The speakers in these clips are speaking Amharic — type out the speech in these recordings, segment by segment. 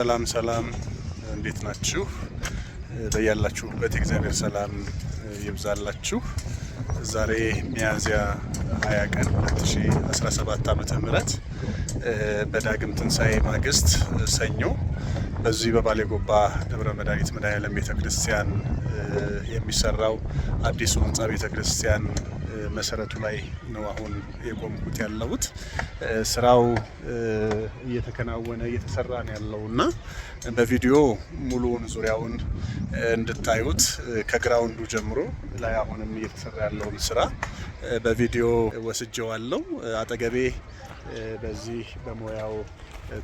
ሰላም ሰላም፣ እንዴት ናችሁ? በያላችሁበት እግዚአብሔር ሰላም ይብዛላችሁ። ዛሬ ሚያዝያ 20 ቀን 2017 ዓመተ ምህረት በዳግም ትንሣኤ ማግስት ሰኞ በዚህ በባሌ ጎባ ደብረ መድኃኒት መድኃኔዓለም ቤተ ክርስቲያን የሚሰራው አዲሱ ህንፃ ቤተ ክርስቲያን መሰረቱ ላይ ነው አሁን የቆምኩት ያለሁት። ስራው እየተከናወነ እየተሰራ ነው ያለው እና በቪዲዮ ሙሉውን ዙሪያውን እንድታዩት ከግራውንዱ ጀምሮ ላይ አሁንም እየተሰራ ያለውን ስራ በቪዲዮ ወስጀዋለው። አጠገቤ በዚህ በሙያው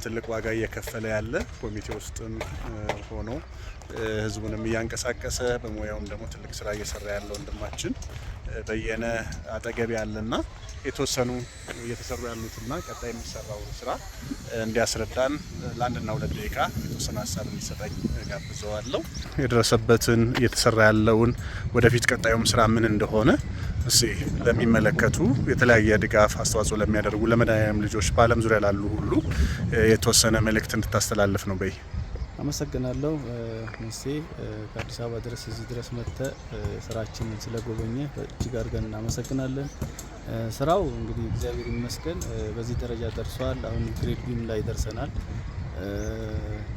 ትልቅ ዋጋ እየከፈለ ያለ ኮሚቴ ውስጥም ሆኖ ህዝቡንም እያንቀሳቀሰ በሙያውም ደግሞ ትልቅ ስራ እየሰራ ያለ ወንድማችን በየነ አጠገብ ያለና የተወሰኑ እየተሰሩ ያሉትና ቀጣይ የሚሰራው ስራ እንዲያስረዳን ለአንድና ሁለት ደቂቃ የተወሰነ ሀሳብ እንዲሰጠኝ ጋብዘዋለሁ። የደረሰበትን እየተሰራ ያለውን ወደፊት ቀጣዩም ስራ ምን እንደሆነ እሴይ ለሚመለከቱ የተለያየ ድጋፍ አስተዋጽኦ ለሚያደርጉ ለመድኃኔዓለም ልጆች በዓለም ዙሪያ ላሉ ሁሉ የተወሰነ መልእክት እንድታስተላልፍ ነው። በይ አመሰግናለሁ። እሴ ከአዲስ አበባ ድረስ እዚህ ድረስ መጥተ ስራችንን ስለጎበኘ እጅግ አድርገን እናመሰግናለን። ስራው እንግዲህ እግዚአብሔር ይመስገን በዚህ ደረጃ ደርሷል። አሁን ግሬድ ቢም ላይ ደርሰናል።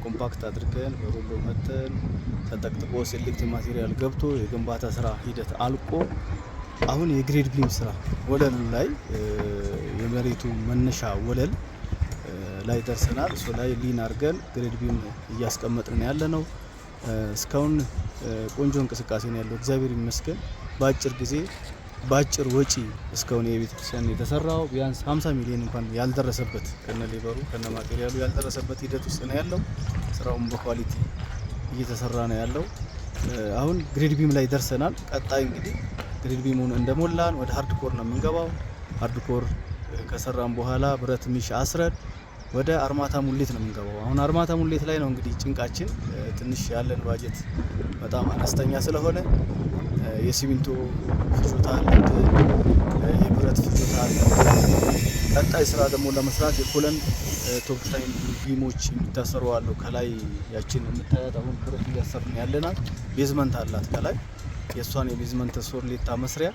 ኮምፓክት አድርገን በሮሎ መተን ተጠቅጥቆ ሴሌክት ማቴሪያል ገብቶ የግንባታ ስራ ሂደት አልቆ አሁን የግሬድ ቢም ስራ ወለሉ ላይ የመሬቱ መነሻ ወለል ላይ ደርሰናል። እሱ ላይ ሊን አድርገን ግሬድ ቢም እያስቀመጥን ያለ ነው። እስካሁን ቆንጆ እንቅስቃሴ ነው ያለው፣ እግዚአብሔር ይመስገን። በአጭር ጊዜ በአጭር ወጪ እስካሁን የቤተ ክርስቲያን የተሰራው ቢያንስ 50 ሚሊዮን እንኳን ያልደረሰበት ከነ ሌበሩ ከነ ማቴሪያሉ ያልደረሰበት ሂደት ውስጥ ነው ያለው። ስራውን በኳሊቲ እየተሰራ ነው ያለው። አሁን ግሬድ ቢም ላይ ደርሰናል። ቀጣይ እንግዲህ ግሪን ቢሙን እንደሞላን ወደ ሀርድ ኮር ነው የምንገባው። ሀርድ ኮር ከሰራን በኋላ ብረት ሚሽ አስረን ወደ አርማታ ሙሌት ነው የምንገባው። አሁን አርማታ ሙሌት ላይ ነው እንግዲህ ጭንቃችን። ትንሽ ያለን ባጀት በጣም አነስተኛ ስለሆነ የሲሚንቶ ፍጆታ አለ፣ የብረት ፍጆታ አለ። ቀጣይ ስራ ደግሞ ለመስራት የኮለን ቶፕ ቢሞች የሚታሰሩ አሉ። ከላይ ያችን የምታያት አሁን ብረት እያሰርን ያለናት ቤዝመንት አላት ከላይ የእሷን የቤዝመንት ሌታ መስሪያ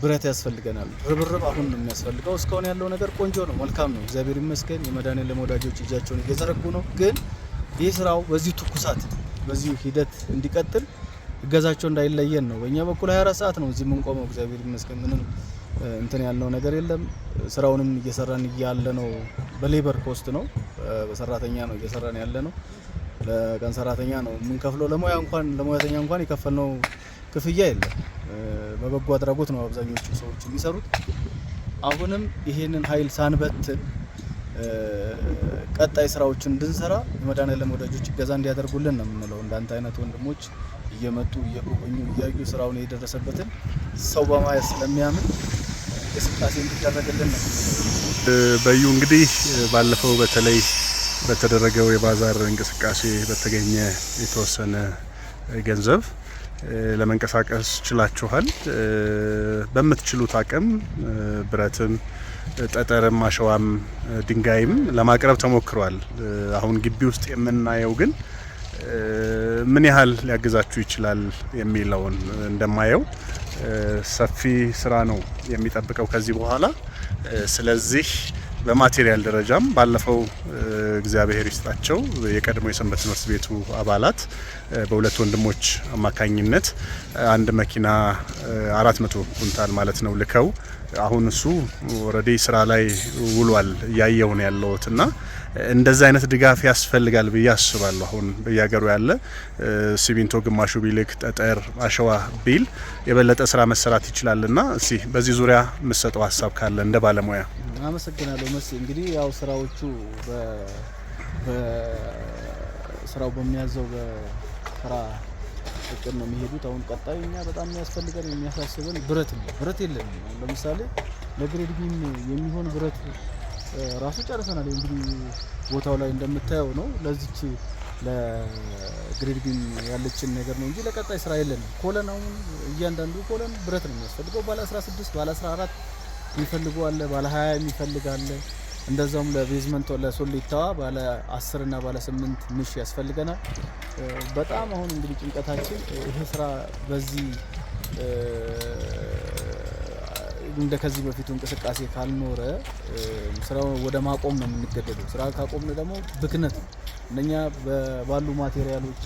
ብረት ያስፈልገናል። ርብርብ አሁን ነው የሚያስፈልገው። እስካሁን ያለው ነገር ቆንጆ ነው፣ መልካም ነው፣ እግዚአብሔር ይመስገን። የመድኃኔዓለም ወዳጆች እጃቸውን እየዘረጉ ነው። ግን ይህ ስራው በዚሁ ትኩሳት በዚሁ ሂደት እንዲቀጥል እገዛቸው እንዳይለየን ነው። በእኛ በኩል 24 ሰዓት ነው እዚህ የምንቆመው። እግዚአብሔር ይመስገን ምንም እንትን ያለው ነገር የለም። ስራውንም እየሰራን ያለ ነው። በሌበር ኮስት ነው፣ በሰራተኛ ነው እየሰራን ያለ ነው። ለቀን ሰራተኛ ነው የምንከፍለው። ለሙያ እንኳን ለሙያተኛ እንኳን የከፈልነው ክፍያ የለም። በበጎ አድራጎት ነው አብዛኞቹ ሰዎች የሚሰሩት። አሁንም ይሄንን ኃይል ሳንበትን ቀጣይ ስራዎችን እንድንሰራ የመድኃኔዓለም ወዳጆች እገዛ እንዲያደርጉልን ነው የምንለው። እንዳንተ አይነት ወንድሞች እየመጡ እየጎበኙ እያዩ ስራውን የደረሰበትን ሰው በማየት ስለሚያምን እንቅስቃሴ እንዲደረግልን ነው። በዩ እንግዲህ ባለፈው በተለይ በተደረገው የባዛር እንቅስቃሴ በተገኘ የተወሰነ ገንዘብ ለመንቀሳቀስ ችላችኋል። በምትችሉት አቅም ብረትም፣ ጠጠርም፣ አሸዋም ድንጋይም ለማቅረብ ተሞክሯል። አሁን ግቢ ውስጥ የምናየው ግን ምን ያህል ሊያግዛችሁ ይችላል የሚለውን እንደማየው ሰፊ ስራ ነው የሚጠብቀው ከዚህ በኋላ። ስለዚህ በማቴሪያል ደረጃም ባለፈው እግዚአብሔር ይስጣቸው የቀድሞ የሰንበት ትምህርት ቤቱ አባላት በሁለት ወንድሞች አማካኝነት አንድ መኪና አራት መቶ ኩንታል ማለት ነው ልከው አሁን እሱ ወረዴ ስራ ላይ ውሏል እያየሁ ነው ያለሁት እና እንደዛ አይነት ድጋፍ ያስፈልጋል ብዬ አስባለሁ። አሁን በየሀገሩ ያለ ሲሚንቶ ግማሹ ቢልክ ጠጠር፣ አሸዋ ቢል የበለጠ ስራ መሰራት ይችላል እና እስኪ በዚህ ዙሪያ የምሰጠው ሀሳብ ካለ እንደ ባለሙያ። አመሰግናለሁ መስ እንግዲህ ያው ስራዎቹ ስራው በሚያዘው በስራ ፍቅር ነው የሚሄዱት። አሁን ቀጣይ እኛ በጣም የሚያስፈልገን የሚያሳስበን ብረት ነው። ብረት የለም። ለምሳሌ ለግሬድ ቢም የሚሆን ብረት ራሱ ጨርሰናል። እንግዲህ ቦታው ላይ እንደምታየው ነው። ለዚች ለግሬድ ቢም ያለችን ነገር ነው እንጂ ለቀጣይ ስራ የለንም። ኮለን አሁን እያንዳንዱ ኮለን ብረት ነው የሚያስፈልገው። ባለ 16 ባለ 14 የሚፈልገው አለ፣ ባለ 20 የሚፈልግ አለ እንደዛውም ለቤዝመንት ለሶሊታ ባለ 10 እና ባለ 8 ምሽ ያስፈልገናል። በጣም አሁን እንግዲህ ጭንቀታችን ይሄ ስራ በዚህ እንደ ከዚህ በፊቱ እንቅስቃሴ ካልኖረ ስራው ወደ ማቆም ነው የምንገደደው። ስራ ካቆምን ደግሞ ብክነት ነው። እነኛ ባሉ ማቴሪያሎች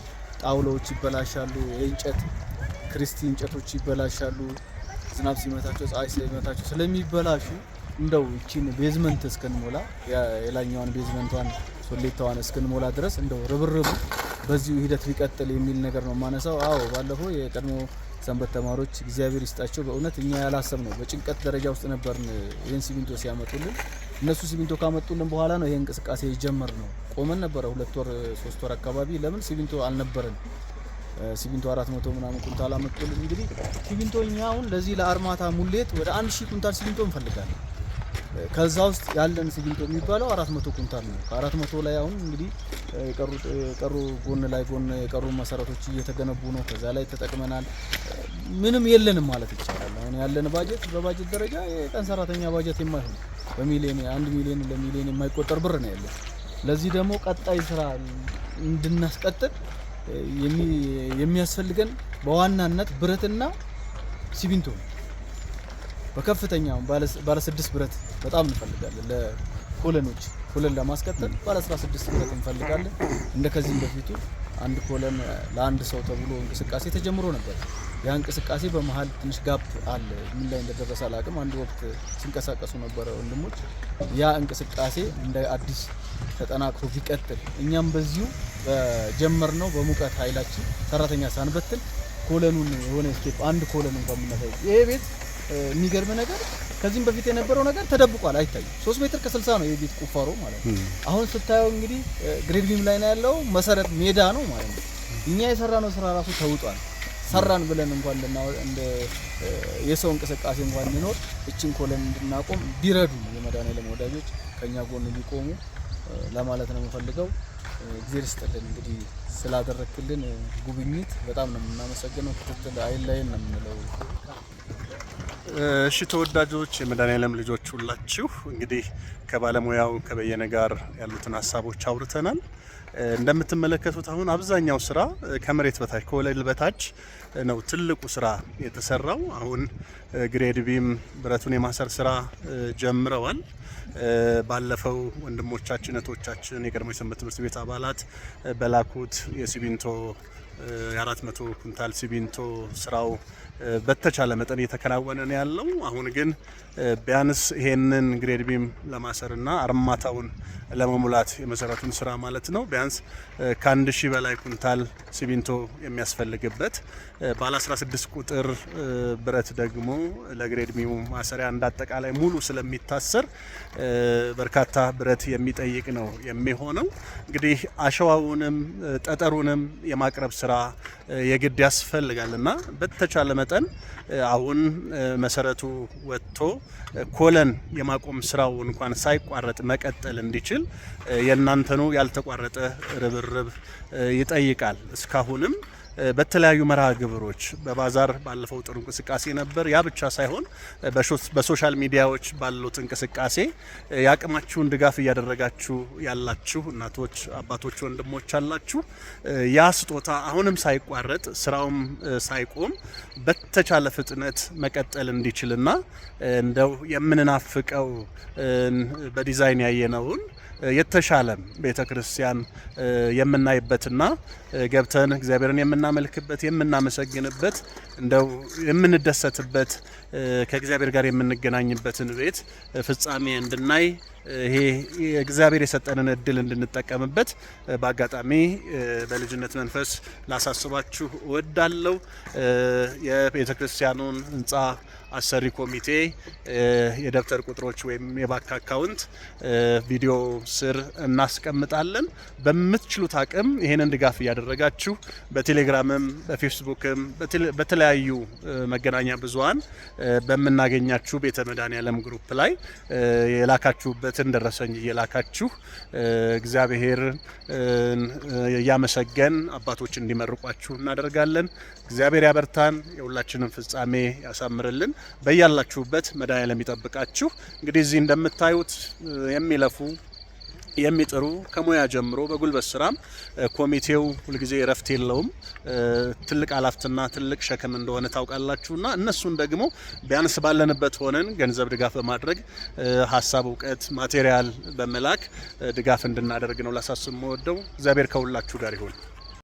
ጣውላዎች ይበላሻሉ፣ የእንጨት ክርስቲ እንጨቶች ይበላሻሉ። ዝናብ ሲመታቸው፣ ፀሐይ ሲመታቸው ስለሚበላሹ እንደው እቺን ቤዝመንት እስክንሞላ የላኛዋን ቤዝመንቷን ሶሌታዋን እስክንሞላ ድረስ እንደው ርብርቡ በዚሁ ሂደት ቢቀጥል የሚል ነገር ነው የማነሳው። አዎ ባለፈው የቀድሞ ሰንበት ተማሪዎች እግዚአብሔር ይስጣቸው። በእውነት እኛ ያላሰብ ነው በጭንቀት ደረጃ ውስጥ ነበርን። ይህን ሲሚንቶ ሲያመጡልን እነሱ ሲሚንቶ ካመጡልን በኋላ ነው ይህ እንቅስቃሴ የጀመር ነው። ቆመን ነበረ ሁለት ወር ሶስት ወር አካባቢ ለምን ሲሚንቶ አልነበረን። ሲሚንቶ አራት መቶ ምናምን ኩንታል አመጡልን። እንግዲህ ሲሚንቶ እኛ አሁን ለዚህ ለአርማታ ሙሌት ወደ አንድ ሺህ ኩንታል ሲሚንቶ እንፈልጋለን። ከዛ ውስጥ ያለን ሲሚንቶ የሚባለው አራት መቶ ኩንታል ነው። ከአራት መቶ ላይ አሁን እንግዲህ የቀሩ ጎን ላይ ጎን የቀሩ መሰረቶች እየተገነቡ ነው። ከዛ ላይ ተጠቅመናል። ምንም የለንም ማለት ይቻላል። አሁን ያለን ባጀት በባጀት ደረጃ የቀን ሰራተኛ ባጀት የማይሆን በሚሊዮን አንድ ሚሊዮን ለሚሊዮን የማይቆጠር ብር ነው ያለን። ለዚህ ደግሞ ቀጣይ ስራ እንድናስቀጥል የሚያስፈልገን በዋናነት ብረትና ሲሚንቶ ነው። በከፍተኛ ባለ ስድስት ብረት በጣም እንፈልጋለን ለኮለኖች ኮለን ለማስቀጠል ባለ ስድስት ብረት እንፈልጋለን። እንደ ከዚህም በፊቱ አንድ ኮለን ለአንድ ሰው ተብሎ እንቅስቃሴ ተጀምሮ ነበር። ያ እንቅስቃሴ በመሀል ትንሽ ጋፕ አለ። ምን ላይ እንደደረሰ አላቅም። አንድ ወቅት ሲንቀሳቀሱ ነበረ ወንድሞች። ያ እንቅስቃሴ እንደ አዲስ ተጠናክሮ ቢቀጥል እኛም በዚሁ በጀመር ነው በሙቀት ኃይላችን ሰራተኛ ሳንበትል ኮለኑን የሆነ ስኬፕ አንድ ኮለኑን ከምናሳይ ይሄ ቤት የሚገርም ነገር ከዚህም በፊት የነበረው ነገር ተደብቋል፣ አይታይም። ሶስት ሜትር ከስልሳ ነው የቤት ቁፋሮ ማለት ነው። አሁን ስታየው እንግዲህ ግሬድ ቢም ላይ ነው ያለው፣ መሰረት ሜዳ ነው ማለት ነው። እኛ የሰራነው ስራ ራሱ ተውጧል። ሰራን ብለን እንኳን እንደ የሰው እንቅስቃሴ እንኳን ሊኖር እችን ኮለን እንድናቆም ቢረዱ የመድኃኔዓለም ወዳጆች ከእኛ ጎን ሊቆሙ ለማለት ነው የምፈልገው። እግዜር ስጥልን እንግዲህ ስላደረክልን ጉብኝት በጣም ነው የምናመሰግነው። ክትትል ላይን ነው የምንለው። እሺ ተወዳጆች ለም ልጆች ሁላችሁ እንግዲህ ከባለሙያው ከበየነ ጋር ያሉትን ሀሳቦች አውርተናል። እንደምትመለከቱት አሁን አብዛኛው ስራ ከመሬት በታች ከወለል በታች ነው ትልቁ ስራ የተሰራው። አሁን ግሬድ ቢም ብረቱን የማሰር ስራ ጀምረዋል። ባለፈው ወንድሞቻችን እህቶቻችን፣ የቀድሞ የሰንበት ትምህርት ቤት አባላት በላኩት የሲሚንቶ የአራት መቶ ኩንታል ሲሚንቶ ስራው በተቻለ መጠን እየተከናወነ ነው ያለው። አሁን ግን ቢያንስ ይሄንን ግሬድ ቢም ለማሰርና አርማታውን ለመሙላት የመሰረቱን ስራ ማለት ነው ቢያንስ ከአንድ ሺህ በላይ ኩንታል ሲሚንቶ የሚያስፈልግበት ባለ 16 ቁጥር ብረት ደግሞ ለግሬድ ሚሙ ማሰሪያ እንዳጠቃላይ ሙሉ ስለሚታሰር በርካታ ብረት የሚጠይቅ ነው የሚሆነው። እንግዲህ አሸዋውንም ጠጠሩንም የማቅረብ ስራ የግድ ያስፈልጋል እና በተቻለ መጠን አሁን መሰረቱ ወጥቶ ኮለን የማቆም ስራው እንኳን ሳይቋረጥ መቀጠል እንዲችል የእናንተኑ ያልተቋረጠ ርብርብ ይጠይቃል። እስካሁንም በተለያዩ መርሃ ግብሮች በባዛር ባለፈው ጥሩ እንቅስቃሴ ነበር። ያ ብቻ ሳይሆን በሶሻል ሚዲያዎች ባሉት እንቅስቃሴ የአቅማችሁን ድጋፍ እያደረጋችሁ ያላችሁ እናቶች፣ አባቶች፣ ወንድሞች አላችሁ። ያ ስጦታ አሁንም ሳይቋረጥ ስራውም ሳይቆም በተቻለ ፍጥነት መቀጠል እንዲችልና እንደው የምንናፍቀው በዲዛይን ያየነውን የተሻለ ቤተ ክርስቲያን የምናይበትና ገብተን እግዚአብሔርን የምናመልክበት የምናመሰግንበት እንደው የምንደሰትበት ከእግዚአብሔር ጋር የምንገናኝበትን ቤት ፍጻሜ እንድናይ ይሄ እግዚአብሔር የሰጠንን እድል እንድንጠቀምበት በአጋጣሚ በልጅነት መንፈስ ላሳስባችሁ እወዳለሁ። የቤተ ክርስቲያኑን ህንፃ አሰሪ ኮሚቴ የደብተር ቁጥሮች ወይም የባንክ አካውንት ቪዲዮ ስር እናስቀምጣለን። በምትችሉት አቅም ይህንን ድጋፍ እያደረጋችሁ በቴሌግራምም በፌስቡክም በተለያዩ መገናኛ ብዙሀን በምናገኛችሁ ቤተ መድኃኔዓለም ግሩፕ ላይ የላካችሁበት የደረሰበትን ደረሰኝ እየላካችሁ እግዚአብሔር እያመሰገን አባቶች እንዲመርቋችሁ እናደርጋለን። እግዚአብሔር ያበርታን፣ የሁላችንን ፍጻሜ ያሳምርልን። በያላችሁበት መድኃኔዓለም ይጠብቃችሁ። እንግዲህ እዚህ እንደምታዩት የሚለፉ የሚጥሩ ከሙያ ጀምሮ በጉልበት ስራም ኮሚቴው ሁልጊዜ እረፍት የለውም። ትልቅ አላፍትና ትልቅ ሸክም እንደሆነ ታውቃላችሁና እነሱን ደግሞ ቢያንስ ባለንበት ሆነን ገንዘብ ድጋፍ በማድረግ ሀሳብ፣ እውቀት፣ ማቴሪያል በመላክ ድጋፍ እንድናደርግ ነው ላሳስብ መወደው። እግዚአብሔር ከሁላችሁ ጋር ይሆን።